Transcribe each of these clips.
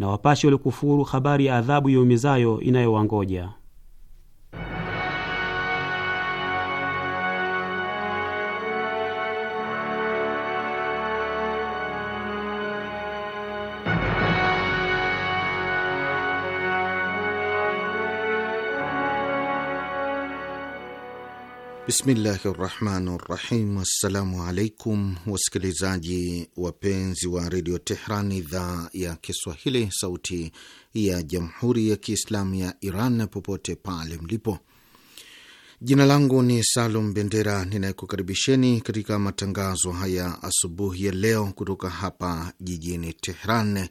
na wapashe waliokufuru habari ya adhabu yaumizayo inayowangoja. Bismillahi rahmani rahim. Assalamu alaikum wasikilizaji wapenzi wa redio Tehran, idhaa ya Kiswahili, sauti ya jamhuri ya kiislamu ya Iran, popote pale mlipo. Jina langu ni Salum Bendera, ninayekukaribisheni katika matangazo haya asubuhi ya leo kutoka hapa jijini Tehran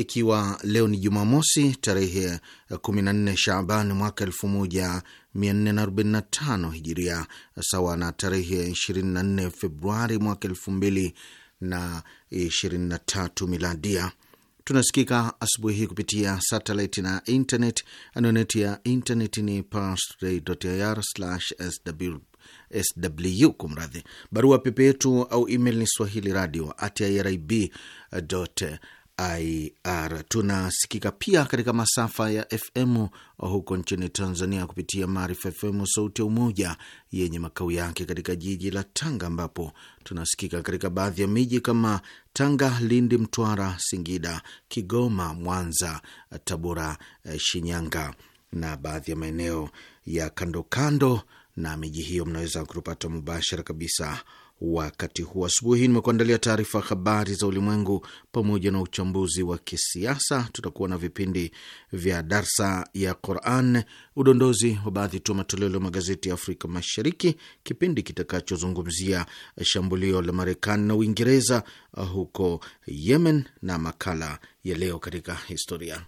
ikiwa leo ni Jumamosi tarehe 14 Shaban mwaka 1445 Hijiria, sawa na tarehe 24 Februari mwaka 2023 Miladia. Tunasikika asubuhi hii kupitia satellite na internet. Anwani ya internet ni parstoday.ir/sw sw kumradhi. Barua pepe yetu au email ni swahili radio at irib IR. Tunasikika pia katika masafa ya FM huko nchini Tanzania kupitia Maarifa FM Sauti ya Umoja yenye makao yake katika jiji la Tanga, ambapo tunasikika katika baadhi ya miji kama Tanga, Lindi, Mtwara, Singida, Kigoma, Mwanza, Tabora, eh, Shinyanga na baadhi ya maeneo ya kando kando na miji hiyo. Mnaweza kutupata mubashara kabisa Wakati huu asubuhi nimekuandalia taarifa habari za ulimwengu pamoja na uchambuzi wa kisiasa. Tutakuwa na vipindi vya darsa ya Quran, udondozi wa baadhi tu matoleo ya magazeti ya Afrika Mashariki, kipindi kitakachozungumzia shambulio la Marekani na Uingereza huko Yemen, na makala ya leo katika historia.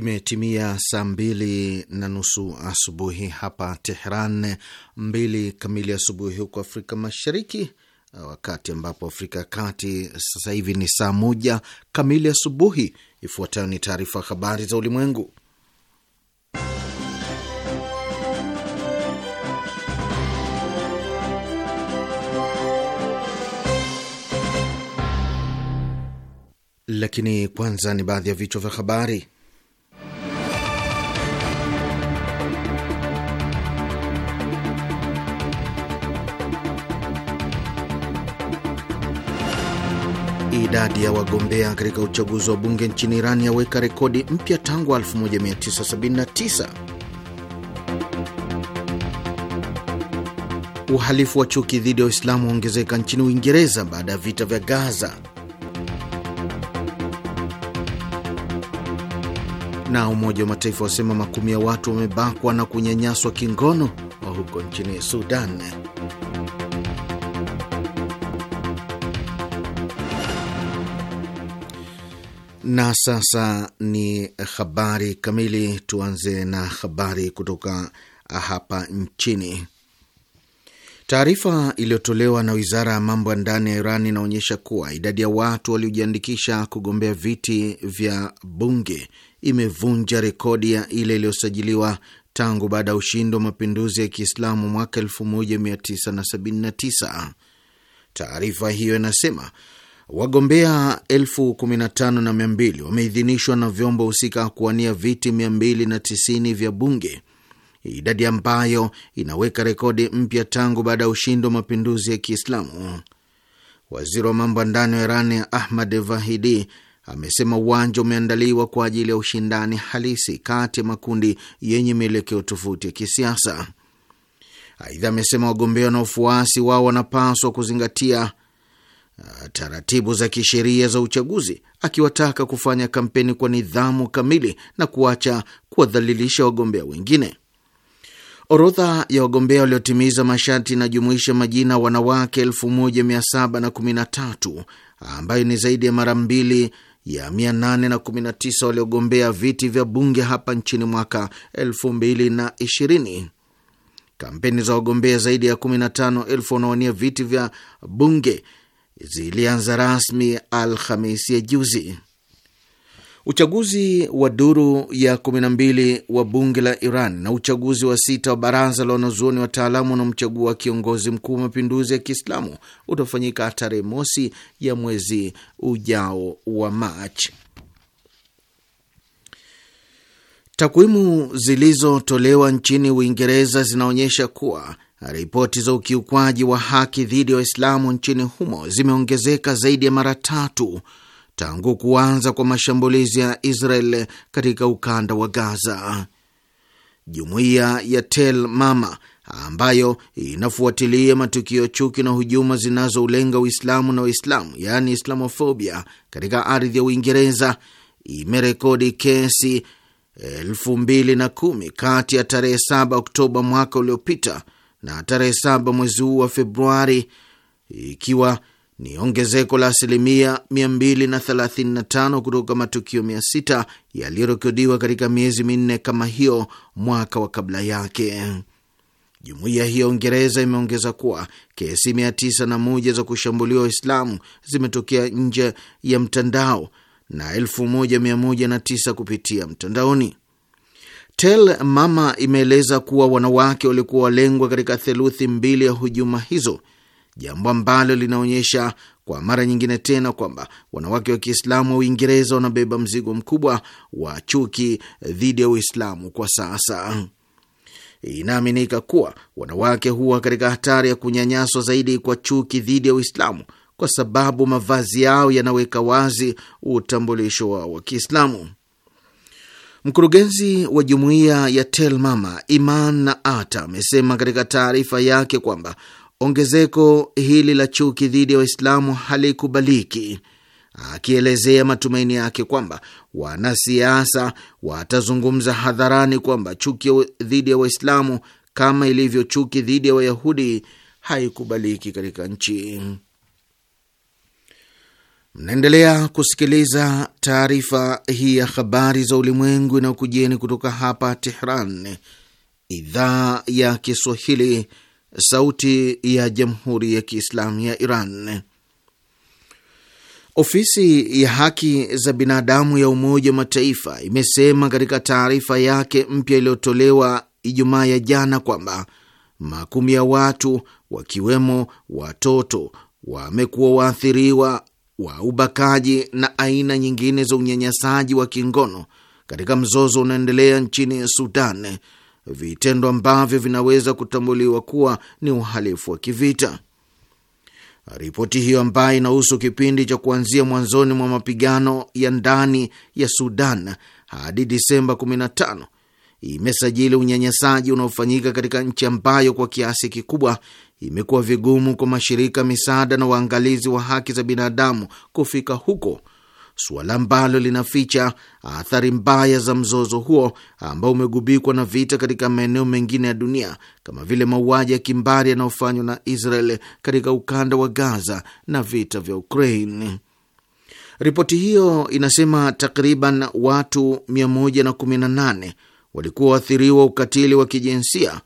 Imetimia saa mbili na nusu asubuhi hapa Tehran, mbili kamili asubuhi huko Afrika Mashariki, wakati ambapo Afrika ya Kati sasa hivi ni saa moja kamili asubuhi. Ifuatayo ni taarifa habari za ulimwengu, lakini kwanza ni baadhi ya vichwa vya habari. Idadi ya wagombea katika uchaguzi wa bunge nchini Iran yaweka rekodi mpya tangu 1979. Uhalifu wa chuki dhidi ya Waislamu waongezeka nchini Uingereza baada ya vita vya Gaza. Na Umoja wa Mataifa wasema makumi ya watu wamebakwa na kunyanyaswa kingono wa huko nchini Sudan. Na sasa ni habari kamili. Tuanze na habari kutoka hapa nchini. Taarifa iliyotolewa na wizara ya mambo ya ndani ya Iran inaonyesha kuwa idadi ya watu waliojiandikisha kugombea viti vya bunge imevunja rekodi ya ile iliyosajiliwa tangu baada ya ushindi wa mapinduzi ya Kiislamu mwaka 1979. Taarifa hiyo inasema Wagombea elfu kumi na tano na mia mbili wameidhinishwa na vyombo husika kuwania viti 290 vya bunge, idadi ambayo inaweka rekodi mpya tangu baada ya ushindi wa mapinduzi ya Kiislamu. Waziri wa mambo ya ndani wa Irani Ahmad Vahidi amesema uwanja umeandaliwa kwa ajili ya ushindani halisi kati ya makundi yenye mielekeo tofauti ya kisiasa. Aidha amesema wagombea na wafuasi wao wanapaswa kuzingatia Ah, taratibu za kisheria za uchaguzi, akiwataka kufanya kampeni kwa nidhamu kamili na kuacha kuwadhalilisha wagombea wengine. Orodha ya wagombea waliotimiza masharti inajumuisha majina wanawake 1713 ambayo ni zaidi ya mara mbili ya 819 waliogombea viti vya bunge hapa nchini mwaka 2020. Kampeni za wagombea zaidi ya 15,000 wanaowania viti vya bunge zilianza rasmi Alhamisi ya juzi. Uchaguzi wa duru ya 12 wa bunge la Iran na uchaguzi wa sita wa baraza la wanazuoni wataalamu wanaomchagua kiongozi mkuu wa mapinduzi ya Kiislamu utafanyika tarehe mosi ya mwezi ujao wa Machi. Takwimu zilizotolewa nchini Uingereza zinaonyesha kuwa Ripoti za ukiukwaji wa haki dhidi ya Waislamu nchini humo zimeongezeka zaidi ya mara tatu tangu kuanza kwa mashambulizi ya Israel katika ukanda wa Gaza. Jumuiya ya Tel Mama ambayo inafuatilia matukio chuki na hujuma zinazoulenga Uislamu na Waislamu, yaani Islamofobia, katika ardhi ya Uingereza imerekodi kesi elfu mbili na kumi kati ya tarehe 7 Oktoba mwaka uliopita na tarehe saba mwezi huu wa Februari, ikiwa ni ongezeko la asilimia 235 kutoka matukio 600 yaliyorekodiwa katika miezi minne kama hiyo mwaka wa kabla yake. Jumuiya hiyo Uingereza imeongeza kuwa kesi 901 za kushambuliwa Waislamu zimetokea nje ya mtandao na 1109 kupitia mtandaoni. Tel Mama imeeleza kuwa wanawake walikuwa walengwa katika theluthi mbili ya hujuma hizo, jambo ambalo linaonyesha kwa mara nyingine tena kwamba wanawake wa Kiislamu wa Uingereza wanabeba mzigo mkubwa wa chuki dhidi ya Uislamu kwa sasa. Inaaminika kuwa wanawake huwa katika hatari ya kunyanyaswa zaidi kwa chuki dhidi ya Uislamu kwa sababu mavazi yao yanaweka wazi utambulisho wao wa Kiislamu. Mkurugenzi wa jumuiya ya tel mama Iman na Ata amesema katika taarifa yake kwamba ongezeko hili la chuki dhidi ya wa Waislamu halikubaliki, akielezea matumaini yake kwamba wanasiasa watazungumza hadharani kwamba chuki dhidi ya Waislamu kama ilivyo chuki dhidi ya Wayahudi haikubaliki katika nchi. Mnaendelea kusikiliza taarifa hii ya habari za ulimwengu inayokujieni kutoka hapa Tehran, idhaa ya Kiswahili, sauti ya jamhuri ya kiislamu ya Iran. Ofisi ya haki za binadamu ya Umoja wa Mataifa imesema katika taarifa yake mpya iliyotolewa Ijumaa ya jana kwamba makumi ya watu wakiwemo watoto wamekuwa waathiriwa wa ubakaji na aina nyingine za unyanyasaji wa kingono katika mzozo unaendelea nchini Sudan, vitendo ambavyo vinaweza kutambuliwa kuwa ni uhalifu wa kivita. Ripoti hiyo ambayo inahusu kipindi cha kuanzia mwanzoni mwa mapigano ya ndani ya Sudan hadi Disemba 15 imesajili unyanyasaji unaofanyika katika nchi ambayo kwa kiasi kikubwa imekuwa vigumu kwa mashirika misaada na waangalizi wa haki za binadamu kufika huko, suala ambalo linaficha athari mbaya za mzozo huo ambao umegubikwa na vita katika maeneo mengine ya dunia kama vile mauaji ya kimbari yanayofanywa na Israel katika ukanda wa Gaza na vita vya Ukraine. Ripoti hiyo inasema takriban watu 118 walikuwa waathiriwa ukatili wa kijinsia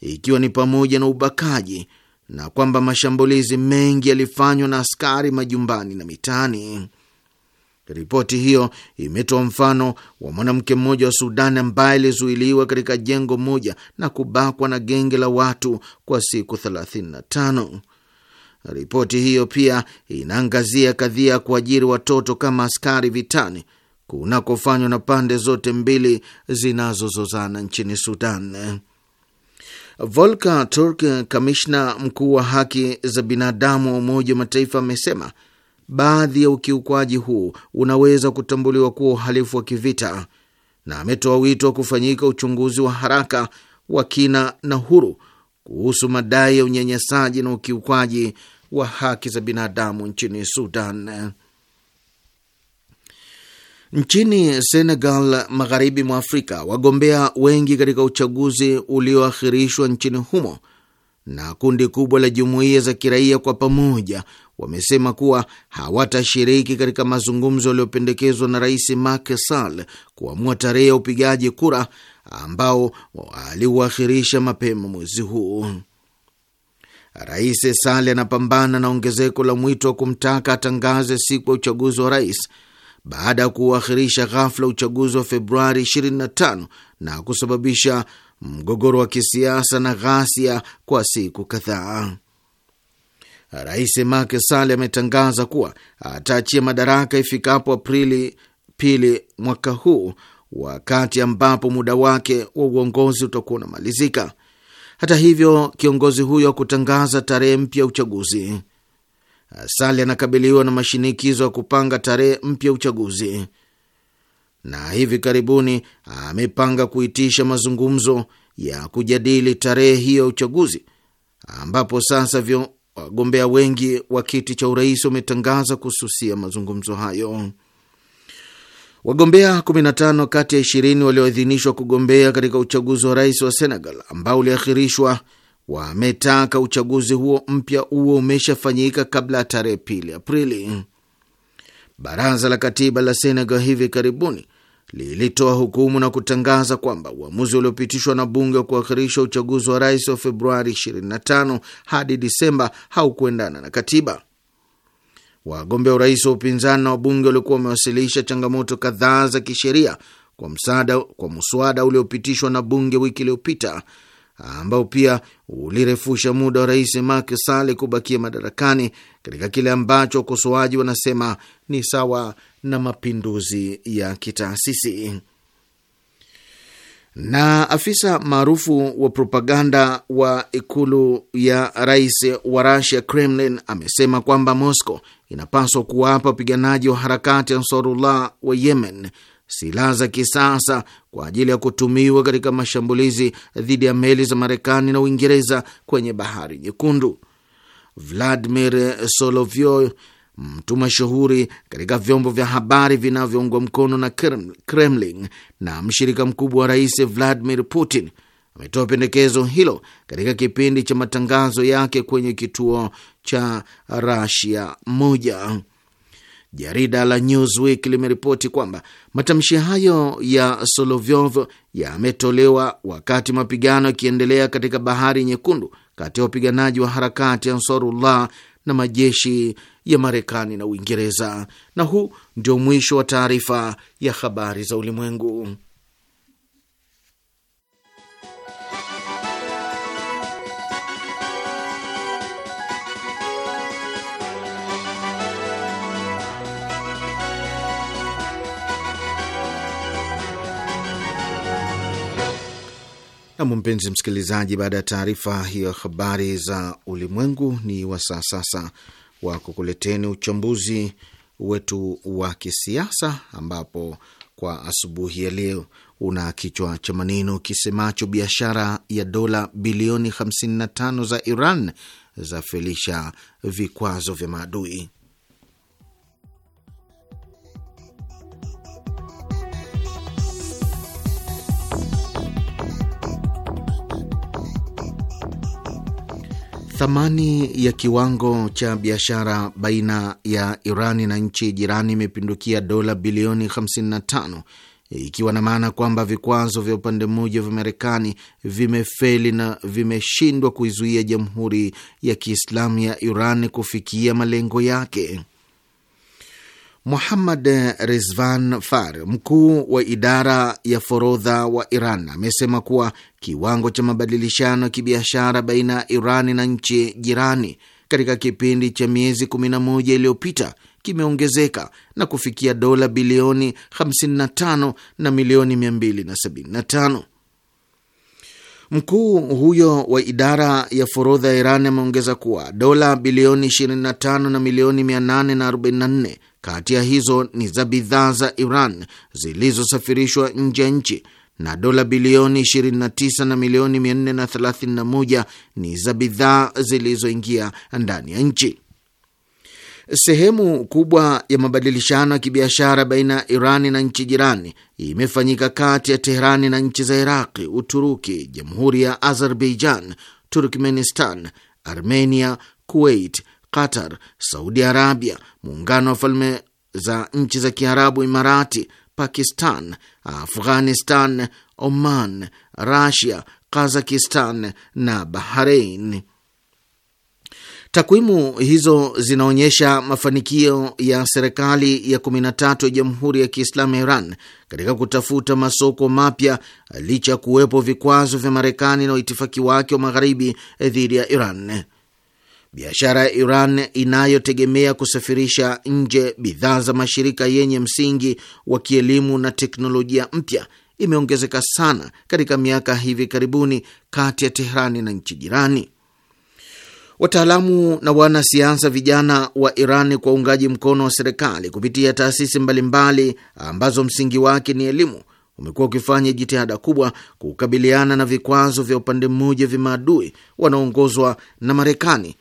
ikiwa ni pamoja na ubakaji na kwamba mashambulizi mengi yalifanywa na askari majumbani na mitaani. Ripoti hiyo imetoa mfano wa mwanamke mmoja wa Sudani ambaye alizuiliwa katika jengo moja na kubakwa na genge la watu kwa siku 35. Ripoti hiyo pia inaangazia kadhia ya kuajiri watoto kama askari vitani kunakofanywa na pande zote mbili zinazozozana nchini Sudan. Volker Turk, kamishna mkuu wa haki za binadamu wa Umoja wa Mataifa, amesema baadhi ya ukiukwaji huu unaweza kutambuliwa kuwa uhalifu wa kivita, na ametoa wito wa kufanyika uchunguzi wa haraka wa kina na huru kuhusu madai ya unyanyasaji na ukiukwaji wa haki za binadamu nchini Sudan. Nchini Senegal, magharibi mwa Afrika, wagombea wengi katika uchaguzi ulioahirishwa nchini humo na kundi kubwa la jumuiya za kiraia kwa pamoja wamesema kuwa hawatashiriki katika mazungumzo yaliyopendekezwa na Rais Macky Sall kuamua tarehe ya upigaji kura ambao aliuahirisha mapema mwezi huu. Rais Sall anapambana na ongezeko la mwito wa kumtaka atangaze siku ya uchaguzi wa rais baada ya kuuakhirisha ghafla uchaguzi wa Februari 25 na kusababisha mgogoro wa kisiasa na ghasia kwa siku kadhaa. Rais Macky Sall ametangaza kuwa ataachia madaraka ifikapo Aprili pili mwaka huu, wakati ambapo muda wake wa uongozi utakuwa unamalizika. Hata hivyo, kiongozi huyo hakutangaza tarehe mpya ya uchaguzi. Sali anakabiliwa na mashinikizo ya kupanga tarehe mpya uchaguzi, na hivi karibuni amepanga kuitisha mazungumzo ya kujadili tarehe hiyo ya uchaguzi, ambapo sasa vyo wagombea wengi wa kiti cha urais wametangaza kususia mazungumzo hayo. Wagombea 15 kati ya 20 walioidhinishwa kugombea katika uchaguzi wa rais wa Senegal ambao uliahirishwa wametaka uchaguzi huo mpya huo umeshafanyika kabla ya tarehe pili Aprili. Baraza la katiba la Senegal hivi karibuni lilitoa hukumu na kutangaza kwamba uamuzi uliopitishwa na bunge wa kuakhirisha uchaguzi wa rais wa Februari 25 hadi Disemba haukuendana na katiba. Wagombea urais wa upinzani na wabunge waliokuwa wamewasilisha changamoto kadhaa za kisheria kwa msaada kwa mswada uliopitishwa na bunge wiki iliyopita ambao pia ulirefusha muda wa rais Macky Sall kubakia madarakani katika kile ambacho wakosoaji wanasema ni sawa na mapinduzi ya kitaasisi. Na afisa maarufu wa propaganda wa ikulu ya rais wa Russia, Kremlin, amesema kwamba Moscow inapaswa kuwapa wapiganaji wa harakati ya Ansarullah wa Yemen silaha za kisasa kwa ajili ya kutumiwa katika mashambulizi dhidi ya meli za Marekani na Uingereza kwenye Bahari Nyekundu. Vladimir Solovyov, mtu mashuhuri katika vyombo vya habari vinavyoungwa mkono na Kremlin na mshirika mkubwa wa rais Vladimir Putin, ametoa pendekezo hilo katika kipindi cha matangazo yake kwenye kituo cha Rasia moja. Jarida la Newsweek limeripoti kwamba matamshi hayo ya Solovyov yametolewa wakati mapigano yakiendelea katika Bahari Nyekundu kati ya wapiganaji wa harakati ya Ansarullah na majeshi ya Marekani na Uingereza. Na huu ndio mwisho wa taarifa ya habari za ulimwengu. Nam, mpenzi msikilizaji, baada ya taarifa hiyo habari za ulimwengu, ni wasaa sasa wa kukuleteni uchambuzi wetu wa kisiasa ambapo kwa asubuhi ya leo una kichwa cha maneno kisemacho biashara ya dola bilioni 55 za Iran zafelisha vikwazo vya maadui. Thamani ya kiwango cha biashara baina ya Irani na nchi jirani imepindukia dola bilioni 55 ikiwa na maana kwamba vikwazo vya upande mmoja vya Marekani vimefeli na vimeshindwa kuizuia Jamhuri ya Kiislamu ya Iran kufikia malengo yake. Muhammad Rizvan Far, mkuu wa idara ya forodha wa Iran, amesema kuwa kiwango cha mabadilishano ya kibiashara baina ya Iran na nchi jirani katika kipindi cha miezi 11 iliyopita kimeongezeka na kufikia dola bilioni 55 na milioni 275. Mkuu huyo wa idara ya forodha ya Iran ameongeza kuwa dola bilioni 25 na milioni 844 kati ya hizo ni za bidhaa za Iran zilizosafirishwa nje ya nchi na dola bilioni 29 na milioni 431 ni za bidhaa zilizoingia ndani ya nchi. Sehemu kubwa ya mabadilishano ya kibiashara baina ya Irani na nchi jirani imefanyika kati ya Teherani na nchi za Iraqi, Uturuki, Jamhuri ya Azerbaijan, Turkmenistan, Armenia, Kuwait, Qatar, Saudi Arabia, Muungano wa Falme za Nchi za Kiarabu, Imarati, Pakistan, Afghanistan, Oman, rasia Kazakistan na Bahrain. Takwimu hizo zinaonyesha mafanikio ya serikali ya 13 ya Jamhuri ya Kiislamu ya Iran katika kutafuta masoko mapya licha ya kuwepo vikwazo vya Marekani na uitifaki wake wa Magharibi eh, dhidi ya Iran. Biashara ya Iran inayotegemea kusafirisha nje bidhaa za mashirika yenye msingi wa kielimu na teknolojia mpya imeongezeka sana katika miaka hivi karibuni kati ya Tehrani na nchi jirani. Wataalamu na wanasiasa vijana wa iran kwa uungaji mkono wa serikali kupitia taasisi mbalimbali ambazo msingi wake ni elimu umekuwa ukifanya jitihada kubwa kukabiliana na vikwazo vya upande mmoja vya maadui wanaoongozwa na Marekani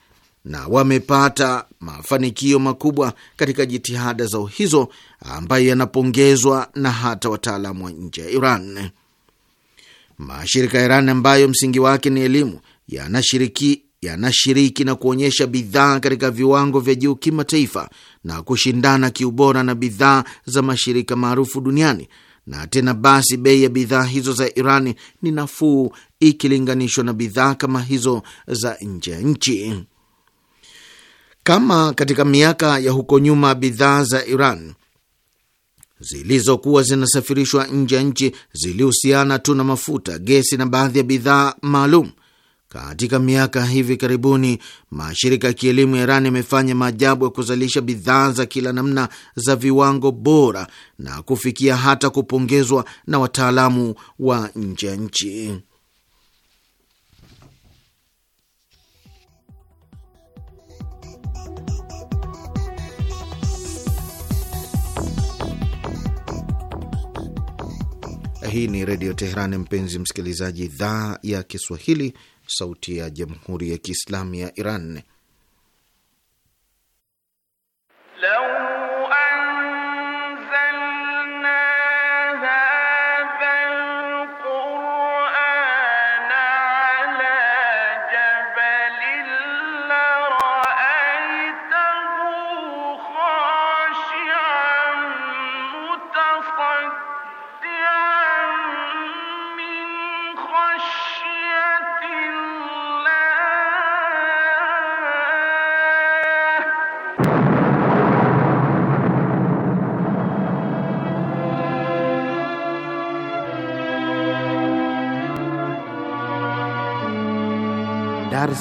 na wamepata mafanikio makubwa katika jitihada zao hizo ambayo yanapongezwa na hata wataalamu wa nje ya Iran. Mashirika ya Iran ambayo msingi wake ni elimu yanashiriki yanashiriki na kuonyesha bidhaa katika viwango vya juu kimataifa na kushindana kiubora na bidhaa za mashirika maarufu duniani, na tena basi bei ya bidhaa hizo za Irani ni nafuu ikilinganishwa na bidhaa kama hizo za nje ya nchi. Kama katika miaka ya huko nyuma, bidhaa za Iran zilizokuwa zinasafirishwa nje ya nchi zilihusiana tu na mafuta, gesi na baadhi ya bidhaa maalum katika miaka hivi karibuni mashirika ya kielimu ya Iran yamefanya maajabu ya kuzalisha bidhaa za kila namna za viwango bora na kufikia hata kupongezwa na wataalamu wa nje ya nchi. Hii ni Redio Teheran, mpenzi msikilizaji, idhaa ya Kiswahili sauti ya jamhuri ya kiislamu ya Iran.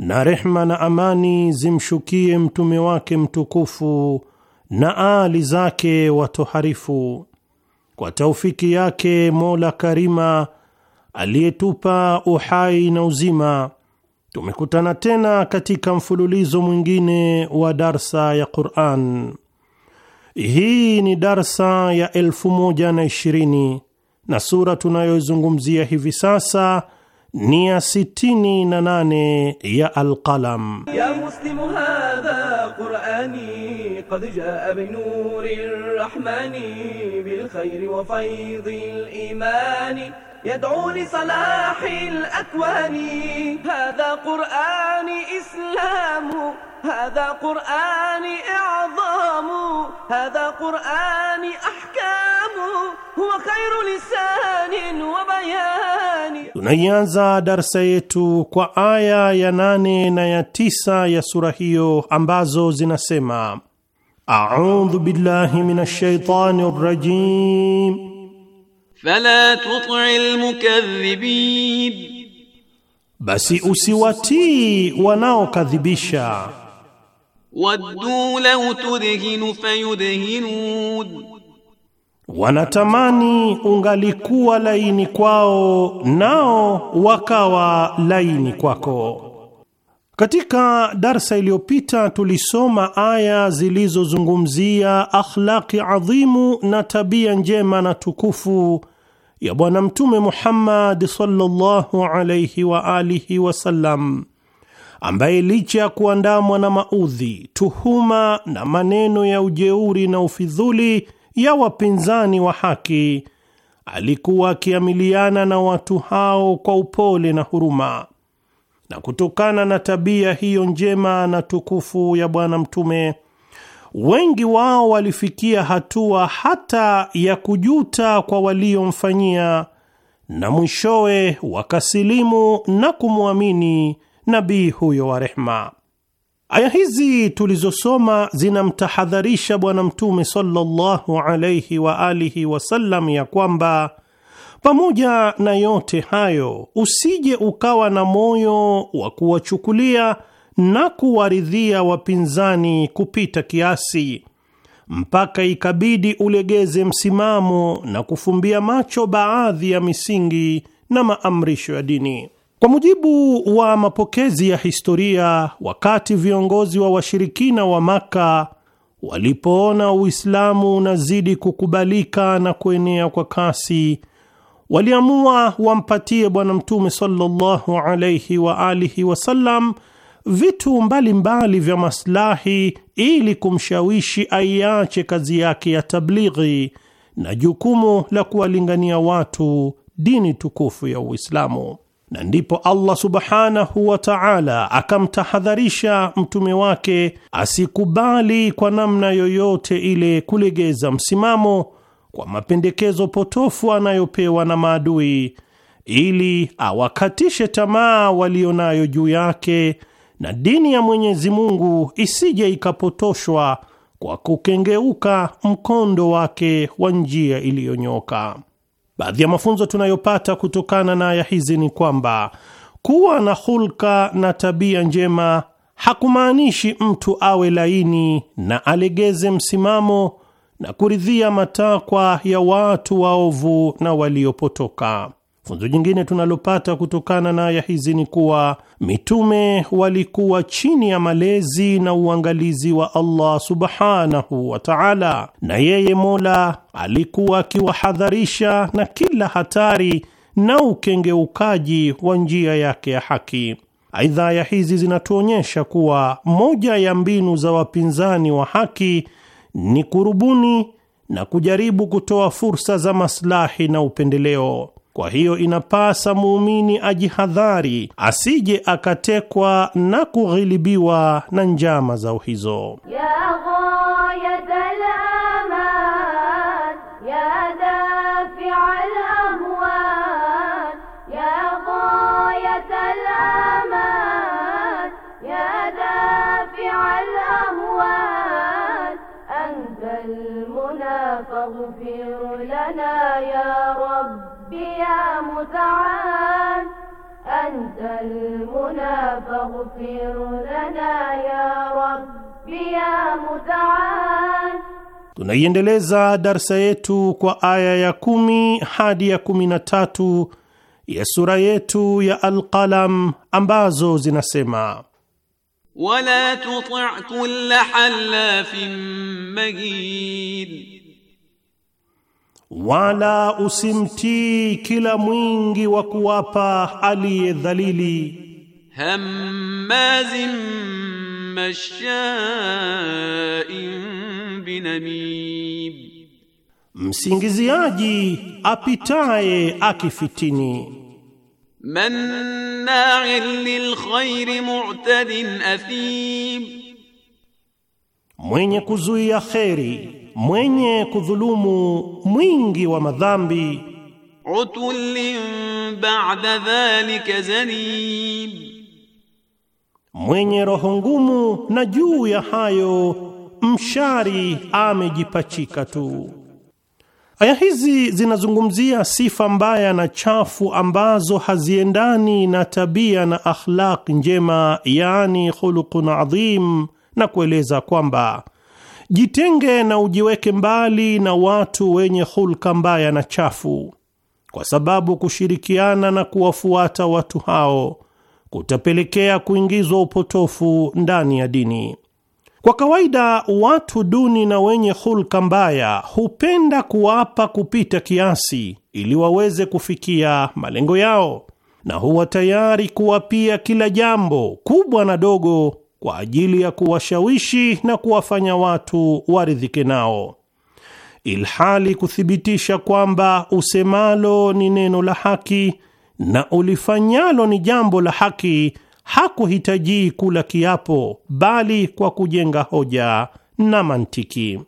na rehma na amani zimshukie mtume wake mtukufu na aali zake watoharifu. Kwa taufiki yake Mola Karima aliyetupa uhai na uzima, tumekutana tena katika mfululizo mwingine wa darsa ya Qur'an. Hii ni darsa ya elfu moja na ishirini na sura tunayoizungumzia hivi sasa ni ya sitini na nane ya Alqalam. Ya muslimu hadha qurani qad jaa bi nuri rrahmani bil khairi wa faydhi al imani يدعو لصلاح الأكوان هذا قرآن إسلام هذا قرآن إعظام هذا قرآن أحكام هو خير لسان وبيان. Tunaianza darsa yetu kwa aya ya nane na ya tisa ya sura hiyo ambazo zinasema: audhu billahi minash shaitani Fala tuti almukadhibin, basi usiwatii wanaokadhibisha. Waddu law tudhinu fayudhinun, wanatamani ungalikuwa laini kwao nao wakawa laini kwako. Katika darsa iliyopita tulisoma aya zilizozungumzia akhlaqi adhimu na tabia njema na tukufu ya Bwana Mtume Muhammad sallallahu alayhi wa alihi wasallam, ambaye licha ya kuandamwa na maudhi, tuhuma na maneno ya ujeuri na ufidhuli ya wapinzani wa haki, alikuwa akiamiliana na watu hao kwa upole na huruma na kutokana na tabia hiyo njema na tukufu ya Bwana Mtume, wengi wao walifikia hatua hata ya kujuta kwa waliomfanyia, na mwishowe wakasilimu na kumwamini nabii huyo wa rehma. Aya hizi tulizosoma zinamtahadharisha Bwana Mtume sallallahu alaihi wa alihi wasallam ya kwamba pamoja na yote hayo, usije ukawa na moyo wa kuwachukulia na kuwaridhia wapinzani kupita kiasi, mpaka ikabidi ulegeze msimamo na kufumbia macho baadhi ya misingi na maamrisho ya dini. Kwa mujibu wa mapokezi ya historia, wakati viongozi wa washirikina wa Maka walipoona Uislamu unazidi kukubalika na kuenea kwa kasi waliamua wampatie Bwana Mtume sallallahu alayhi wa alihi wasallam vitu mbalimbali mbali vya maslahi ili kumshawishi aiache kazi yake ya tablighi na jukumu la kuwalingania watu dini tukufu ya Uislamu. Na ndipo Allah subhanahu wa ta'ala akamtahadharisha mtume wake asikubali kwa namna yoyote ile kulegeza msimamo kwa mapendekezo potofu anayopewa na maadui ili awakatishe tamaa walio nayo juu yake na dini ya Mwenyezi Mungu isije ikapotoshwa kwa kukengeuka mkondo wake wa njia iliyonyoka. Baadhi ya mafunzo tunayopata kutokana na aya hizi ni kwamba kuwa na hulka na tabia njema hakumaanishi mtu awe laini na alegeze msimamo na kuridhia matakwa ya watu waovu na waliopotoka. Funzo jingine tunalopata kutokana na aya hizi ni kuwa mitume walikuwa chini ya malezi na uangalizi wa Allah subhanahu wa ta'ala, na yeye Mola alikuwa akiwahadharisha na kila hatari na ukengeukaji wa njia yake ya haki. Aidha, aya hizi zinatuonyesha kuwa moja ya mbinu za wapinzani wa haki ni kurubuni na kujaribu kutoa fursa za maslahi na upendeleo. Kwa hiyo inapasa muumini ajihadhari asije akatekwa na kughilibiwa na njama zao hizo ya فاغفر لنا يا رب يا متعال أنت المنى فاغفر لنا يا رب يا متعال Tunaiendeleza darsa yetu kwa aya ya kumi hadi ya kumi na tatu ya sura yetu ya Alqalam ambazo zinasema wala tuti' kulla halafin mahin wala usimtii kila mwingi wa kuwapa aliye dhalili. Hammazim masha'in binamim, msingiziaji apitaye akifitini. Manna'in lilkhairi mu'tadin athim, mwenye kuzuia kheri mwenye kudhulumu mwingi wa madhambi. Utullin ba'da dhalika zanim, mwenye roho ngumu na juu ya hayo mshari amejipachika tu. Aya hizi zinazungumzia sifa mbaya na chafu ambazo haziendani na tabia na akhlaq njema, yani khuluqun adhim, na kueleza kwamba Jitenge na ujiweke mbali na watu wenye hulka mbaya na chafu, kwa sababu kushirikiana na kuwafuata watu hao kutapelekea kuingizwa upotofu ndani ya dini. Kwa kawaida watu duni na wenye hulka mbaya hupenda kuwapa kupita kiasi ili waweze kufikia malengo yao, na huwa tayari kuwapia kila jambo kubwa na dogo kwa ajili ya kuwashawishi na kuwafanya watu waridhike nao, ilhali kuthibitisha kwamba usemalo ni neno la haki na ulifanyalo ni jambo la haki hakuhitajii kula kiapo, bali kwa kujenga hoja na mantiki.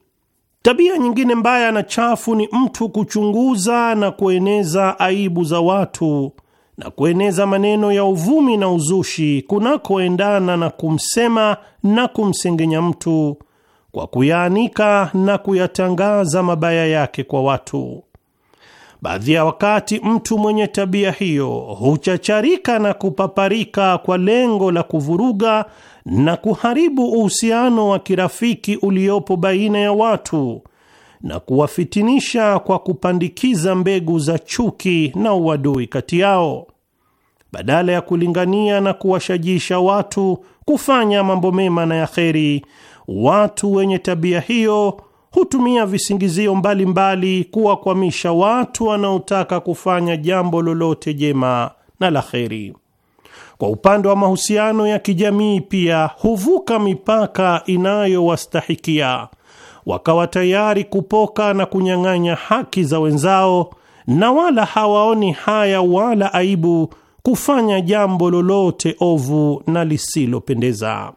Tabia nyingine mbaya na chafu ni mtu kuchunguza na kueneza aibu za watu na kueneza maneno ya uvumi na uzushi kunakoendana na kumsema na kumsengenya mtu kwa kuyaanika na kuyatangaza mabaya yake kwa watu. Baadhi ya wakati mtu mwenye tabia hiyo huchacharika na kupaparika kwa lengo la kuvuruga na kuharibu uhusiano wa kirafiki uliopo baina ya watu na kuwafitinisha kwa kupandikiza mbegu za chuki na uadui kati yao badala ya kulingania na kuwashajisha watu kufanya mambo mema na ya kheri, watu wenye tabia hiyo hutumia visingizio mbalimbali kuwakwamisha watu wanaotaka kufanya jambo lolote jema na la kheri. Kwa upande wa mahusiano ya kijamii pia huvuka mipaka inayowastahikia wakawa tayari kupoka na kunyang'anya haki za wenzao, na wala hawaoni haya wala aibu kufanya jambo lolote ovu na lisilopendeza.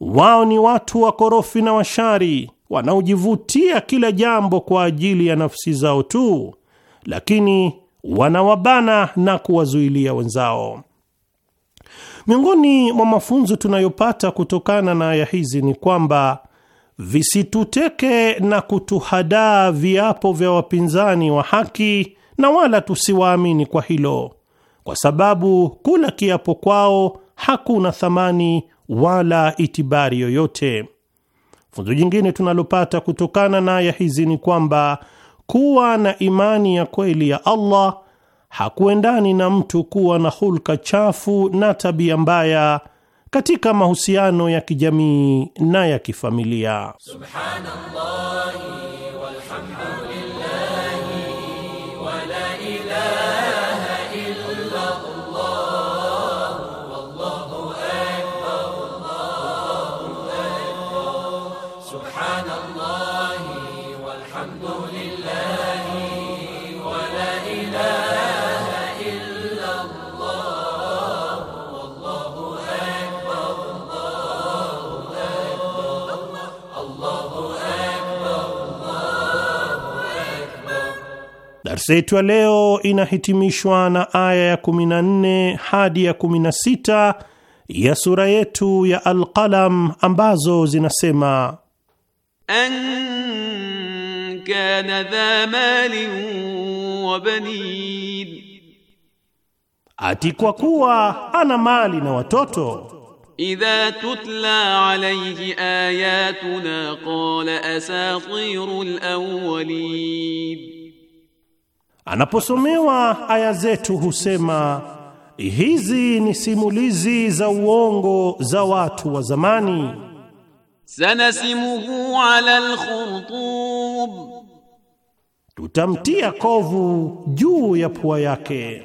Wao ni watu wakorofi na washari wanaojivutia kila jambo kwa ajili ya nafsi zao tu, lakini wanawabana na kuwazuilia wenzao. Miongoni mwa mafunzo tunayopata kutokana na aya hizi ni kwamba visituteke na kutuhadaa viapo vya wapinzani wa haki, na wala tusiwaamini kwa hilo, kwa sababu kula kiapo kwao hakuna thamani wala itibari yoyote. Funzo jingine tunalopata kutokana na aya hizi ni kwamba kuwa na imani ya kweli ya Allah hakuendani na mtu kuwa na hulka chafu na tabia mbaya katika mahusiano ya kijamii na ya kifamilia. Subhanallah. Darsa yetu ya leo inahitimishwa na aya ya 14 hadi ya 16 ya sura yetu ya Alqalam ambazo zinasema an kana dha malin wa banin, ati kwa kuwa ana mali na watoto Idha tutla alayhi ayatuna qala asatirul awwalin Anaposomewa aya zetu husema hizi ni simulizi za uongo za watu wa zamani. Sanasimuhu ala alkhutub, tutamtia kovu juu ya pua yake.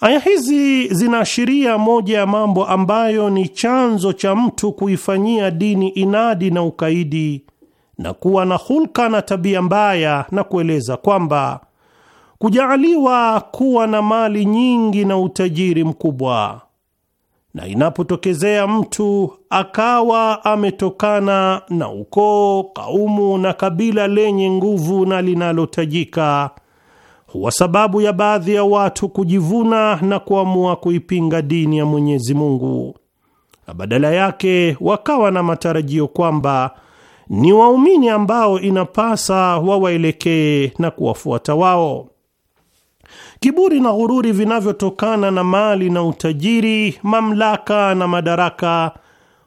Aya hizi zinaashiria moja ya mambo ambayo ni chanzo cha mtu kuifanyia dini inadi na ukaidi na kuwa na hulka na tabia mbaya, na kueleza kwamba kujaaliwa kuwa na mali nyingi na utajiri mkubwa, na inapotokezea mtu akawa ametokana na ukoo, kaumu na kabila lenye nguvu na linalotajika, huwa sababu ya baadhi ya watu kujivuna na kuamua kuipinga dini ya Mwenyezi Mungu, na badala yake wakawa na matarajio kwamba ni waumini ambao inapasa wawaelekee na kuwafuata wao. Kiburi na ghururi vinavyotokana na mali na utajiri, mamlaka na madaraka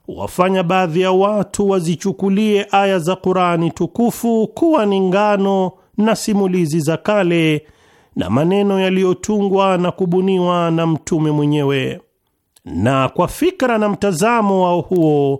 wafanya baadhi ya watu wazichukulie aya za Kurani tukufu kuwa ni ngano na simulizi za kale na maneno yaliyotungwa na kubuniwa na mtume mwenyewe, na kwa fikra na mtazamo wao huo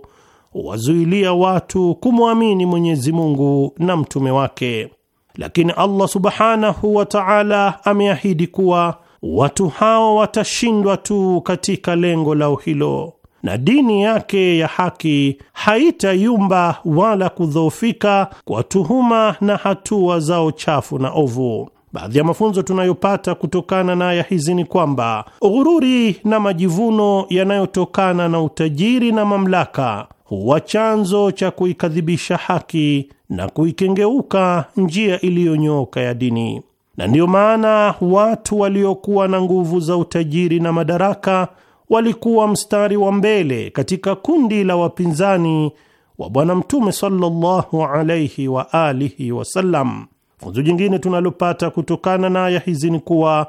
huwazuilia watu kumwamini Mwenyezi Mungu na mtume wake. Lakini Allah subhanahu wa ta'ala ameahidi kuwa watu hao watashindwa tu katika lengo lao hilo, na dini yake ya haki haitayumba wala kudhoofika kwa tuhuma na hatua zao chafu na ovu. Baadhi ya mafunzo tunayopata kutokana na aya hizi ni kwamba ghururi na majivuno yanayotokana na utajiri na mamlaka huwa chanzo cha kuikadhibisha haki na kuikengeuka njia iliyonyooka ya dini, na ndiyo maana watu waliokuwa na nguvu za utajiri na madaraka walikuwa mstari wa mbele katika kundi la wapinzani wa Bwana Mtume sallallahu alaihi wa alihi wasallam. Funzo jingine tunalopata kutokana na aya hizi ni kuwa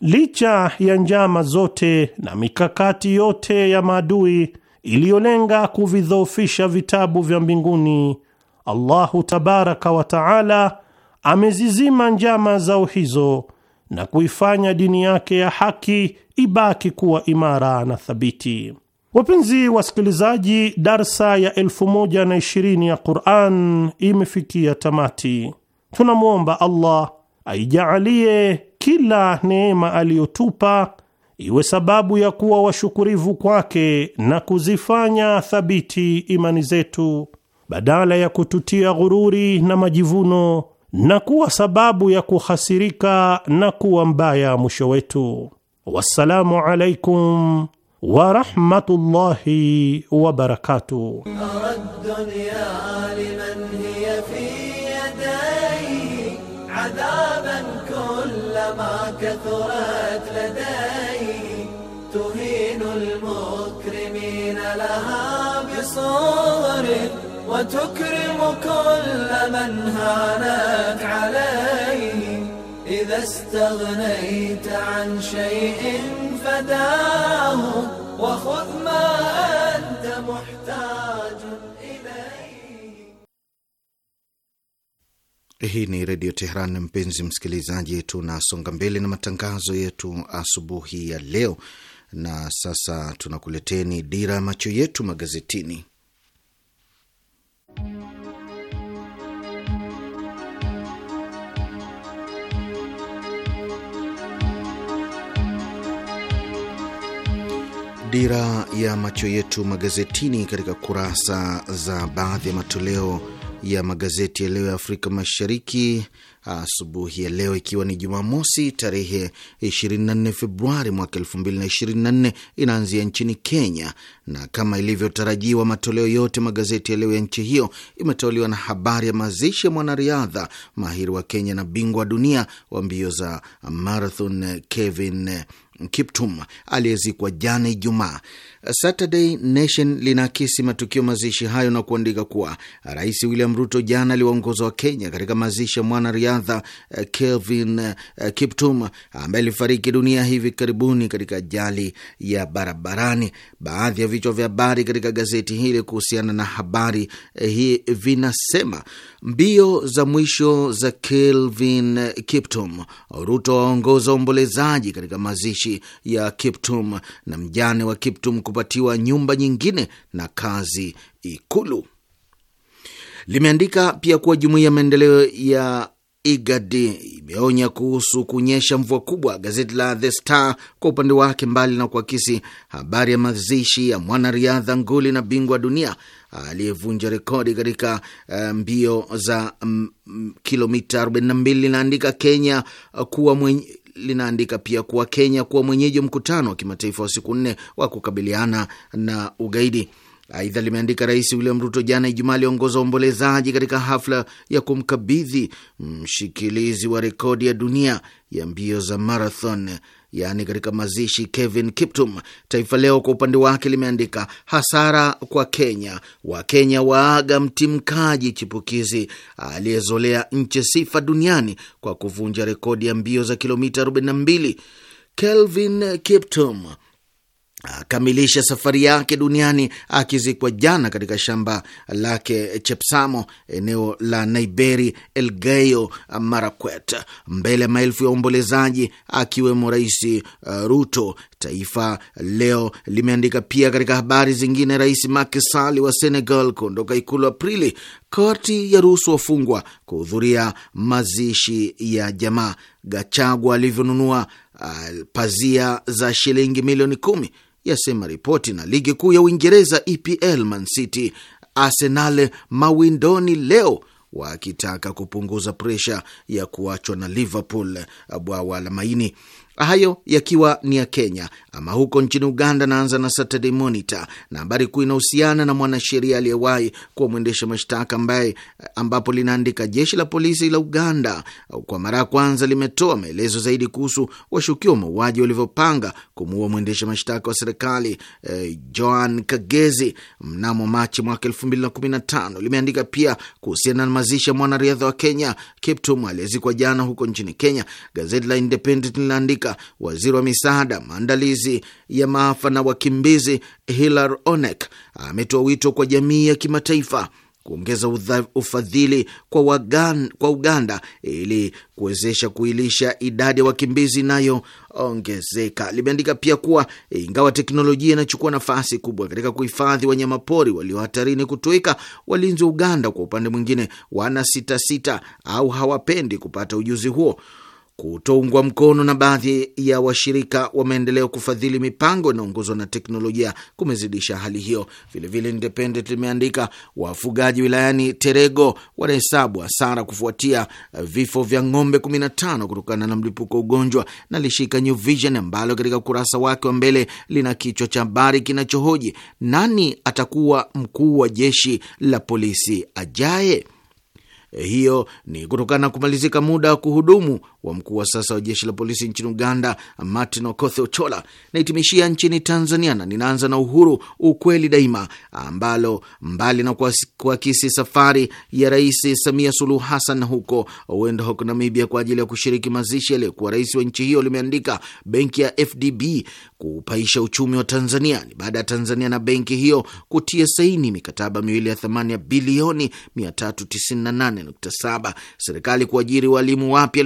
licha ya njama zote na mikakati yote ya maadui iliyolenga kuvidhoofisha vitabu vya mbinguni, Allahu tabaraka wa taala amezizima njama zao hizo na kuifanya dini yake ya haki ibaki kuwa imara na thabiti. Wapenzi wasikilizaji, darsa ya 1020 ya Quran imefikia tamati. Tunamwomba Allah aijaalie kila neema aliyotupa iwe sababu ya kuwa washukurivu kwake na kuzifanya thabiti imani zetu badala ya kututia ghururi na majivuno na kuwa sababu ya kuhasirika na kuwa mbaya mwisho wetu. Wassalamu alaikum wa rahmatullahi wa barakatuh. وتكرم كل من هانت عليه إذا استغنيت عن شيء فداه وخذ ما أنت محتاج Hii ni Redio Tehran, mpenzi msikilizaji, tunasonga mbele na matangazo yetu asubuhi ya leo, na sasa tunakuleteni dira macho yetu magazetini. Dira ya macho yetu magazetini katika kurasa za baadhi ya matoleo ya magazeti ya leo ya Afrika Mashariki asubuhi ya leo, ikiwa ni Jumamosi tarehe 24 Februari mwaka 2024, inaanzia nchini Kenya, na kama ilivyotarajiwa, matoleo yote magazeti ya leo ya nchi hiyo imetawaliwa na habari ya mazishi ya mwanariadha mahiri wa Kenya na bingwa wa dunia wa mbio za marathon Kevin Kiptum aliyezikwa jana Ijumaa. Saturday Nation linaakisi matukio mazishi hayo na kuandika kuwa Rais William Ruto jana aliwaongoza wa Kenya katika mazishi ya mwanariadha eh, Kelvin eh, Kiptum ambaye alifariki dunia hivi karibuni katika ajali ya barabarani. Baadhi ya vichwa vya habari katika gazeti hili kuhusiana na habari eh, hii vinasema: mbio za mwisho za Kelvin Kiptum, Ruto waongoza ombolezaji katika mazishi ya Kiptum na mjane wa Kiptum kupatiwa nyumba nyingine na kazi Ikulu. Limeandika pia kuwa jumuiya ya maendeleo ya IGADI imeonya kuhusu kunyesha mvua kubwa. Gazeti la The Star kwa upande wake, mbali na kuakisi habari ya mazishi ya mwanariadha nguli na bingwa dunia aliyevunja rekodi katika eh, mbio za um, kilomita 42, linaandika Kenya kuwa mwenye, linaandika pia kuwa Kenya kuwa mwenyeji wa mkutano wa kimataifa wa siku nne wa kukabiliana na ugaidi. Aidha, limeandika Rais William Ruto jana Ijumaa aliongoza uombolezaji katika hafla ya kumkabidhi mshikilizi wa rekodi ya dunia ya mbio za marathon yaani katika mazishi Kevin Kiptum. Taifa Leo kwa upande wake limeandika hasara kwa Kenya, Wakenya waaga mtimkaji chipukizi aliyezolea nchi sifa duniani kwa kuvunja rekodi ya mbio za kilomita 42. Kelvin Kiptum akamilisha safari yake duniani akizikwa jana katika shamba lake Chepsamo, eneo la Naiberi, Elgeyo Marakwet, mbele ya maelfu ya uombolezaji akiwemo Rais uh, Ruto. Taifa Leo limeandika pia katika habari zingine, Rais Macky Sall wa Senegal kuondoka ikulu Aprili. Koti ya ruhusu wafungwa kuhudhuria mazishi ya jamaa. Gachagua alivyonunua uh, pazia za shilingi milioni kumi yasema ripoti, na ligi kuu ya Uingereza EPL, Man City Arsenal mawindoni leo wakitaka kupunguza presha ya kuachwa na Liverpool bwawa la maini hayo yakiwa ni ya Kenya. Ama huko nchini Uganda, naanza na Saturday Monitor na habari kuu inahusiana na mwanasheria aliyewahi kuwa mwendesha mashtaka ambaye, ambapo linaandika jeshi la polisi la Uganda kwa mara ya kwanza limetoa maelezo zaidi kuhusu washukiwa mauaji walivyopanga kumuua mwendesha mashtaka wa serikali eh, Joan Kagezi mnamo Machi mwaka elfu mbili na kumi na tano. Limeandika pia kuhusiana na mazishi ya mwanariadha wa Kenya Kiptum aliyezikwa jana huko nchini Kenya. Gazeti la Independent linaandika kadhalika waziri wa misaada, maandalizi ya maafa na wakimbizi Hilar Onek ametoa wito kwa jamii ya kimataifa kuongeza ufadhili kwa, wagan, kwa Uganda ili kuwezesha kuilisha idadi ya wakimbizi inayoongezeka. Limeandika pia kuwa ingawa teknolojia inachukua nafasi kubwa katika kuhifadhi wanyamapori walio hatarini kutoweka, walinzi wa Uganda kwa upande mwingine wana sitasita au hawapendi kupata ujuzi huo kutoungwa mkono na baadhi ya washirika wa maendeleo kufadhili mipango inaongozwa na teknolojia kumezidisha hali hiyo. Vilevile, Independent limeandika wafugaji wilayani Terego wanahesabu hasara kufuatia vifo vya ng'ombe 15 kutokana na mlipuko wa ugonjwa, na lishika New Vision ambalo katika ukurasa wake wa mbele lina kichwa cha habari kinachohoji nani atakuwa mkuu wa jeshi la polisi ajaye. Hiyo ni kutokana na kumalizika muda wa kuhudumu wa mkuu wa sasa wa jeshi la polisi nchini Uganda, Martin Okoth Ochola. Nahitimishia nchini Tanzania na ninaanza na Uhuru Ukweli Daima, ambalo mbali na kuakisi safari ya Rais Samia Suluhu Hassan huko Windhoek, Namibia, kwa ajili ya kushiriki mazishi aliyekuwa rais wa nchi hiyo, limeandika benki ya FDB kupaisha uchumi wa Tanzania. Ni baada ya Tanzania na benki hiyo kutia saini mikataba miwili ya thamani ya bilioni 398.7, serikali kuajiri walimu wapya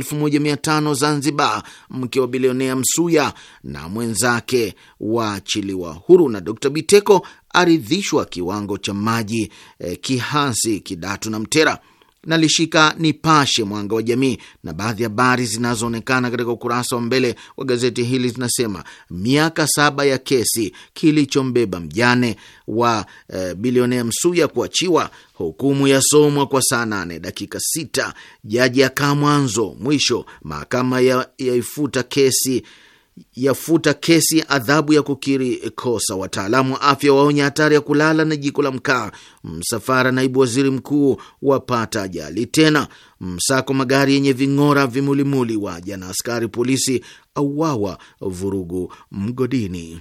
mia tano Zanzibar, mke wa bilionea Msuya na mwenzake waachiliwa huru, na Dr Biteko aridhishwa kiwango cha maji eh, Kihasi, Kidatu na Mtera nalishika Nipashe Mwanga wa Jamii, na baadhi ya habari zinazoonekana katika ukurasa wa mbele wa gazeti hili zinasema miaka saba ya kesi kilichombeba mjane wa e, bilionea Msuya kuachiwa, hukumu yasomwa kwa saa nane dakika sita, jaji akaa mwanzo mwisho, mahakama yaifuta ya kesi yafuta kesi ya adhabu ya kukiri kosa. Wataalamu wa afya waonya hatari ya kulala na jiko la mkaa. Msafara naibu waziri mkuu wapata ajali tena. Msako magari yenye ving'ora vimulimuli waja na askari polisi auawa vurugu mgodini.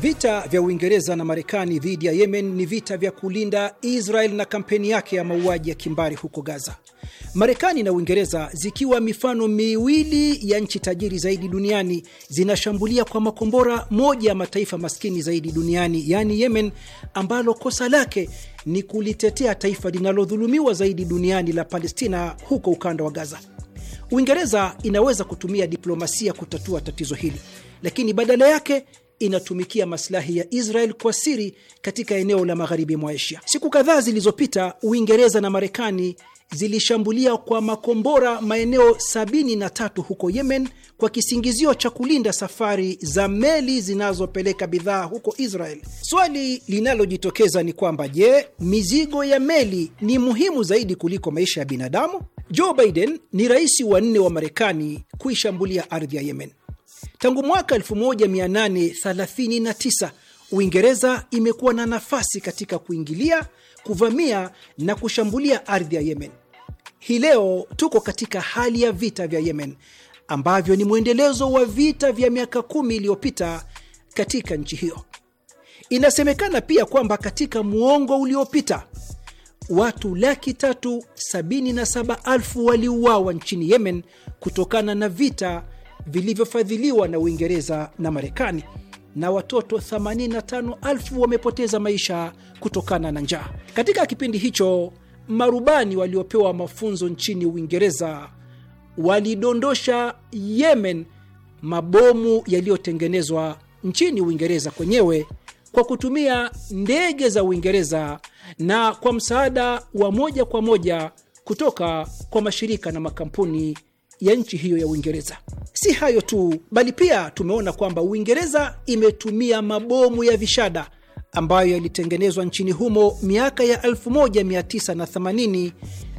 Vita vya Uingereza na Marekani dhidi ya Yemen ni vita vya kulinda Israel na kampeni yake ya mauaji ya kimbari huko Gaza. Marekani na Uingereza zikiwa mifano miwili ya nchi tajiri zaidi duniani zinashambulia kwa makombora moja ya mataifa maskini zaidi duniani, yaani Yemen, ambalo kosa lake ni kulitetea taifa linalodhulumiwa zaidi duniani la Palestina huko ukanda wa Gaza. Uingereza inaweza kutumia diplomasia kutatua tatizo hili, lakini badala yake inatumikia maslahi ya Israel kwa siri katika eneo la magharibi mwa Asia. Siku kadhaa zilizopita, Uingereza na Marekani zilishambulia kwa makombora maeneo 73 huko Yemen kwa kisingizio cha kulinda safari za meli zinazopeleka bidhaa huko Israel. Swali linalojitokeza ni kwamba je, mizigo ya meli ni muhimu zaidi kuliko maisha ya binadamu? Joe Biden ni rais wa nne wa Marekani kuishambulia ardhi ya Yemen. Tangu mwaka 1839 Uingereza imekuwa na nafasi katika kuingilia, kuvamia na kushambulia ardhi ya Yemen. Hii leo tuko katika hali ya vita vya Yemen ambavyo ni mwendelezo wa vita vya miaka kumi iliyopita katika nchi hiyo. Inasemekana pia kwamba katika muongo uliopita watu laki tatu sabini na saba waliuawa nchini Yemen kutokana na vita vilivyofadhiliwa na Uingereza na Marekani, na watoto 85,000 wamepoteza maisha kutokana na njaa. Katika kipindi hicho, marubani waliopewa mafunzo nchini Uingereza walidondosha Yemen mabomu yaliyotengenezwa nchini Uingereza kwenyewe kwa kutumia ndege za Uingereza na kwa msaada wa moja kwa moja kutoka kwa mashirika na makampuni ya nchi hiyo ya Uingereza. Si hayo tu, bali pia tumeona kwamba Uingereza imetumia mabomu ya vishada ambayo yalitengenezwa nchini humo miaka ya 1980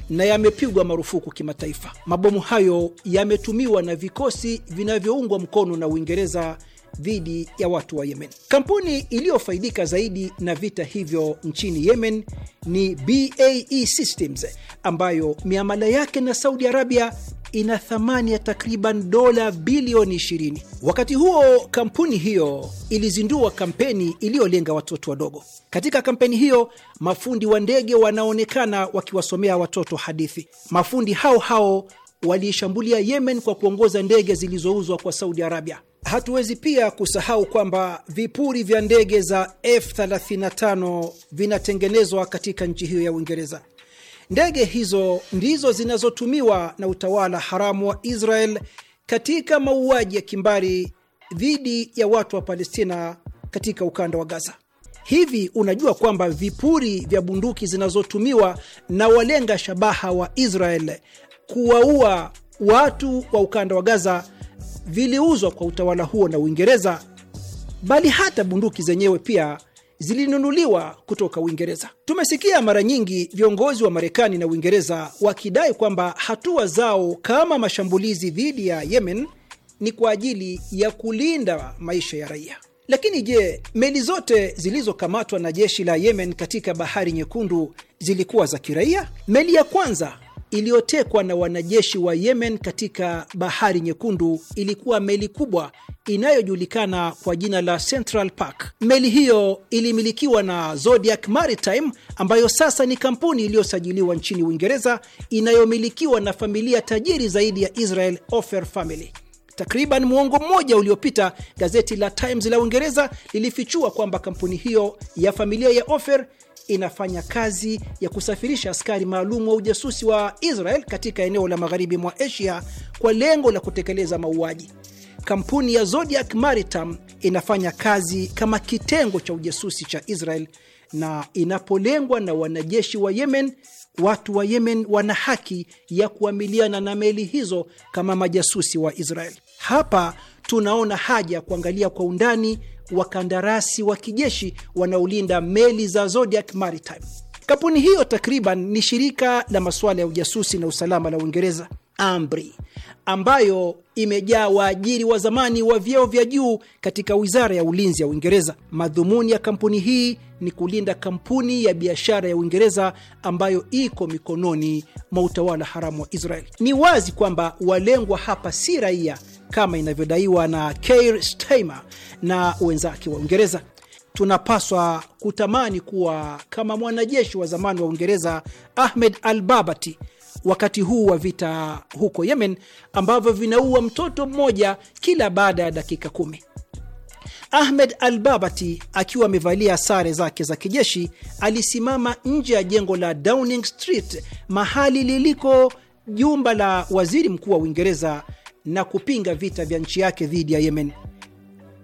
na yamepigwa marufuku kimataifa. Mabomu hayo yametumiwa na vikosi vinavyoungwa mkono na Uingereza dhidi ya watu wa Yemen. Kampuni iliyofaidika zaidi na vita hivyo nchini Yemen ni BAE Systems ambayo miamala yake na Saudi Arabia ina thamani ya takriban dola bilioni 20. Wakati huo kampuni hiyo ilizindua kampeni iliyolenga watoto wadogo. Katika kampeni hiyo, mafundi wa ndege wanaonekana wakiwasomea watoto hadithi. Mafundi hao hao waliishambulia Yemen kwa kuongoza ndege zilizouzwa kwa Saudi Arabia. Hatuwezi pia kusahau kwamba vipuri vya ndege za F35 vinatengenezwa katika nchi hiyo ya Uingereza. Ndege hizo ndizo zinazotumiwa na utawala haramu wa Israel katika mauaji ya kimbari dhidi ya watu wa Palestina katika ukanda wa Gaza. Hivi unajua kwamba vipuri vya bunduki zinazotumiwa na walenga shabaha wa Israel kuwaua watu wa ukanda wa Gaza viliuzwa kwa utawala huo na Uingereza, bali hata bunduki zenyewe pia zilinunuliwa kutoka Uingereza. Tumesikia mara nyingi viongozi wa Marekani na Uingereza wakidai kwamba hatua zao kama mashambulizi dhidi ya Yemen ni kwa ajili ya kulinda maisha ya raia. Lakini je, meli zote zilizokamatwa na jeshi la Yemen katika Bahari Nyekundu zilikuwa za kiraia? Meli ya kwanza iliyotekwa na wanajeshi wa Yemen katika Bahari Nyekundu ilikuwa meli kubwa inayojulikana kwa jina la Central Park. Meli hiyo ilimilikiwa na Zodiac Maritime ambayo sasa ni kampuni iliyosajiliwa nchini Uingereza inayomilikiwa na familia tajiri zaidi ya Israel, Ofer family. Takriban muongo mmoja uliopita gazeti la Times la Uingereza lilifichua kwamba kampuni hiyo ya familia ya Ofer inafanya kazi ya kusafirisha askari maalum wa ujasusi wa Israel katika eneo la magharibi mwa Asia kwa lengo la kutekeleza mauaji. Kampuni ya Zodiac Maritime inafanya kazi kama kitengo cha ujasusi cha Israel, na inapolengwa na wanajeshi wa Yemen, watu wa Yemen wana haki ya kuamiliana na meli hizo kama majasusi wa Israel. Hapa tunaona haja ya kuangalia kwa undani wakandarasi wa kijeshi wanaolinda meli za Zodiac Maritime. Kampuni hiyo takriban ni shirika la masuala ya ujasusi na usalama la Uingereza, AMBRI, ambayo imejaa waajiri wa zamani wa vyeo vya juu katika wizara ya ulinzi ya Uingereza. Madhumuni ya kampuni hii ni kulinda kampuni ya biashara ya Uingereza ambayo iko mikononi mwa utawala haramu wa Israel. Ni wazi kwamba walengwa hapa si raia kama inavyodaiwa na Keir Starmer na wenzake wa Uingereza. Tunapaswa kutamani kuwa kama mwanajeshi wa zamani wa Uingereza Ahmed Al-Babati wakati huu wa vita huko Yemen ambavyo vinaua mtoto mmoja kila baada ya dakika kumi. Ahmed Al-Babati akiwa amevalia sare zake za kijeshi alisimama nje ya jengo la Downing Street, mahali liliko jumba la waziri mkuu wa Uingereza na kupinga vita vya nchi yake dhidi ya Yemen.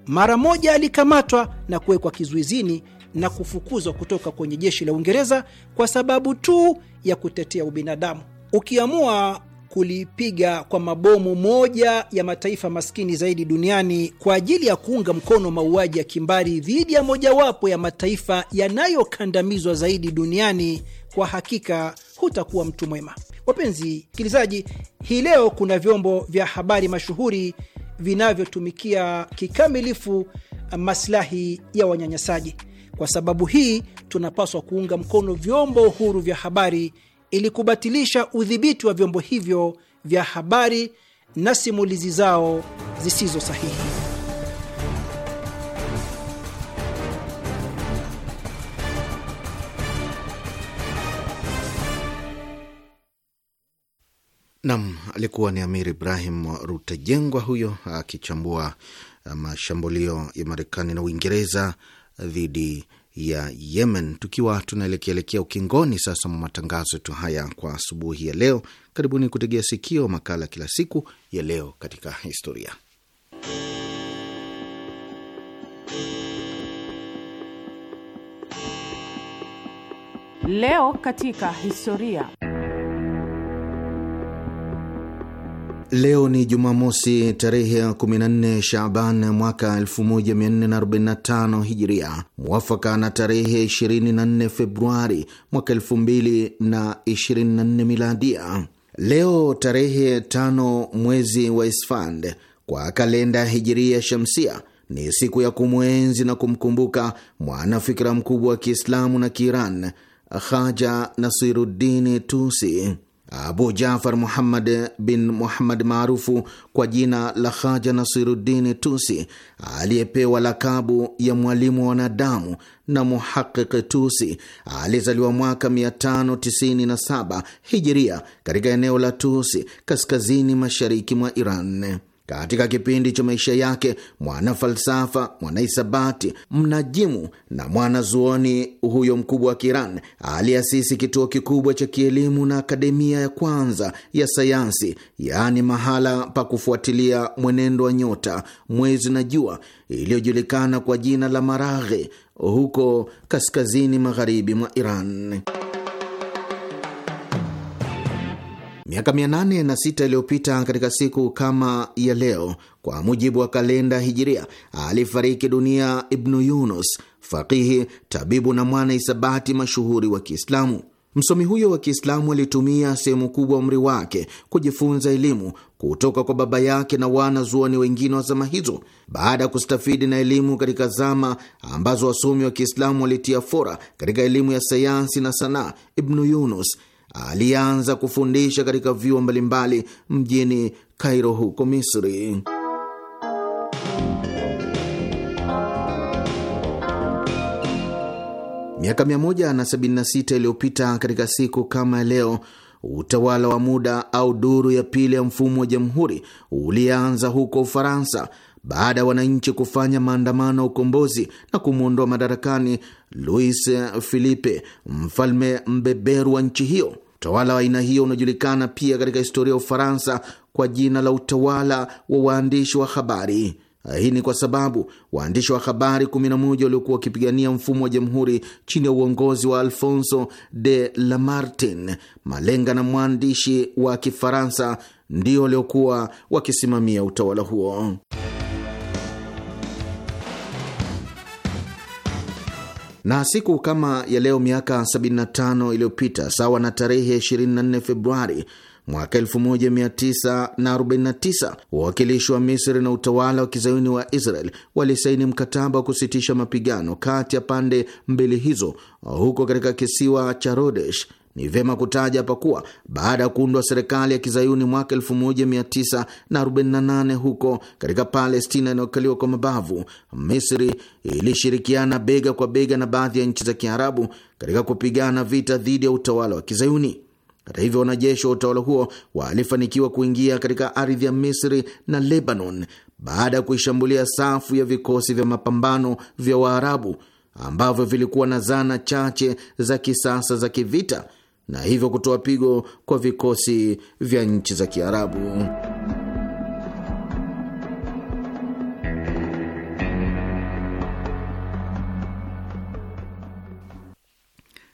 Mara moja alikamatwa na kuwekwa kizuizini na kufukuzwa kutoka kwenye jeshi la Uingereza kwa sababu tu ya kutetea ubinadamu. Ukiamua kulipiga kwa mabomu moja ya mataifa maskini zaidi duniani kwa ajili ya kuunga mkono mauaji ya kimbari dhidi ya mojawapo ya mataifa yanayokandamizwa zaidi duniani, kwa hakika hutakuwa mtu mwema. Wapenzi sikilizaji, hii leo kuna vyombo vya habari mashuhuri vinavyotumikia kikamilifu maslahi ya wanyanyasaji. Kwa sababu hii, tunapaswa kuunga mkono vyombo huru vya habari ili kubatilisha udhibiti wa vyombo hivyo vya habari na simulizi zao zisizo sahihi. Nam alikuwa ni Amir Ibrahim Rutajengwa huyo akichambua eh, mashambulio ya Marekani na Uingereza dhidi ya Yemen. Tukiwa tunaelekeelekea ukingoni sasa mwa matangazo yetu haya kwa asubuhi ya leo, karibuni kutegea sikio makala kila siku ya leo katika historia. Leo katika historia Leo ni Jumamosi tarehe ya 14 Shaban mwaka 1445 Hijria, mwafaka na tarehe 24 Februari mwaka 2024 Miladia. Leo tarehe tano mwezi wa Isfand kwa kalenda Hijiria Shamsia ni siku ya kumwenzi na kumkumbuka mwanafikira mkubwa wa Kiislamu na Kiiran, Haja Nasiruddin Tusi. Abu Jafar Muhammad bin Muhammad maarufu kwa jina la Haja Nasiruddin Tusi aliyepewa lakabu ya mwalimu wa wanadamu na Muhaqiq Tusi aliyezaliwa mwaka 597 hijiria katika eneo la Tusi kaskazini mashariki mwa Iran. Katika kipindi cha maisha yake, mwana falsafa, mwanahisabati, mnajimu na mwanazuoni huyo mkubwa wa kiiran aliasisi kituo kikubwa cha kielimu na akademia ya kwanza ya sayansi, yaani mahala pa kufuatilia mwenendo wa nyota, mwezi na jua, iliyojulikana kwa jina la Maraghe huko kaskazini magharibi mwa Iran. miaka 806 iliyopita katika siku kama ya leo kwa mujibu wa kalenda Hijiria, alifariki dunia Ibnu Yunus, faqihi, tabibu na mwana isabati mashuhuri wa Kiislamu. Msomi huyo wa Kiislamu alitumia sehemu kubwa umri wake kujifunza elimu kutoka kwa baba yake na wana zuoni wengine wa zama hizo. Baada ya kustafidi na elimu katika zama ambazo wasomi wa Kiislamu walitia fora katika elimu ya sayansi na sanaa, Ibnu Yunus alianza kufundisha katika vyuo mbalimbali mjini Kairo huko Misri. Miaka 176 iliyopita katika siku kama ya leo, utawala wa muda au duru ya pili ya mfumo wa jamhuri ulianza huko Ufaransa baada ya wananchi kufanya maandamano ya ukombozi na kumwondoa madarakani Louis Philippe, mfalme mbeberu wa nchi hiyo. Utawala wa aina hiyo unajulikana pia katika historia ya Ufaransa kwa jina la utawala wa waandishi wa habari. Hii ni kwa sababu waandishi wa habari 11 waliokuwa wakipigania mfumo wa jamhuri chini ya uongozi wa Alfonso de Lamartine, malenga na mwandishi wa Kifaransa, ndio waliokuwa wakisimamia utawala huo. na siku kama ya leo miaka 75 iliyopita, sawa na tarehe 24 Februari mwaka 1949 wawakilishi wa Misri na utawala wa kizayuni wa Israel walisaini mkataba wa kusitisha mapigano kati ya pande mbili hizo huko katika kisiwa cha Rhodesh ni vyema kutaja hapa kuwa baada ya kuundwa serikali ya kizayuni mwaka 1948 huko katika Palestina inayokaliwa kwa mabavu, Misri ilishirikiana bega kwa bega na baadhi ya nchi za Kiarabu katika kupigana vita dhidi ya utawala wa kizayuni. Hata hivyo, wanajeshi wa utawala huo walifanikiwa kuingia katika ardhi ya Misri na Lebanon baada ya kuishambulia safu ya vikosi vya mapambano vya Waarabu ambavyo vilikuwa na zana chache za kisasa za kivita na hivyo kutoa pigo kwa vikosi vya nchi za Kiarabu.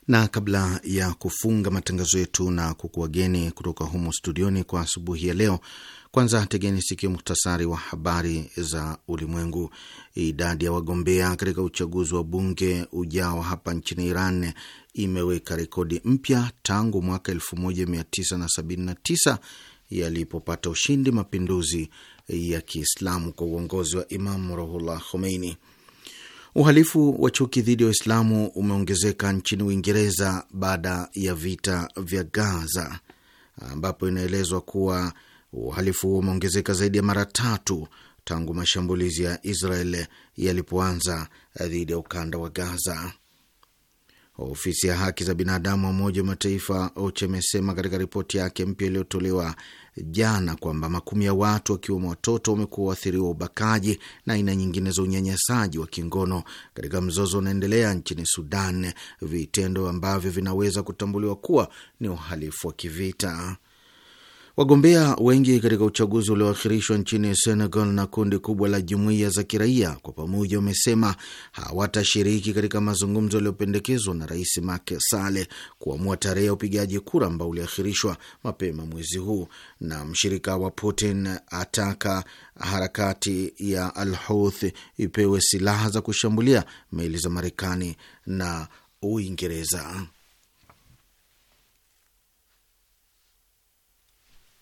na kabla ya kufunga matangazo yetu na kukuwageni kutoka humo studioni kwa asubuhi ya leo, kwanza tegeni sikio, muhtasari wa habari za ulimwengu. Idadi ya wagombea katika uchaguzi wa bunge ujao hapa nchini Iran imeweka rekodi mpya tangu mwaka 1979 yalipopata ushindi mapinduzi ya Kiislamu kwa uongozi wa Imam Ruhullah Khomeini. Uhalifu wa chuki dhidi ya Waislamu umeongezeka nchini Uingereza baada ya vita vya Gaza, ambapo inaelezwa kuwa Uhalifu huo umeongezeka zaidi ya mara tatu tangu mashambulizi ya Israel yalipoanza dhidi ya ukanda wa Gaza. Ofisi ya haki za binadamu wa Umoja wa Mataifa OCHA imesema katika ripoti yake mpya iliyotolewa jana kwamba makumi ya watu wakiwemo watoto wamekuwa waathiriwa ubakaji na aina nyingine za unyanyasaji wa kingono katika mzozo unaendelea nchini Sudan, vitendo ambavyo vinaweza kutambuliwa kuwa ni uhalifu wa kivita. Wagombea wengi katika uchaguzi ulioakhirishwa nchini Senegal na kundi kubwa la jumuiya za kiraia kwa pamoja wamesema hawatashiriki katika mazungumzo yaliyopendekezwa na Rais Macky Sall kuamua tarehe ya upigaji kura ambao uliakhirishwa mapema mwezi huu, na mshirika wa Putin ataka harakati ya Al-Houthi ipewe silaha za kushambulia meli za Marekani na Uingereza.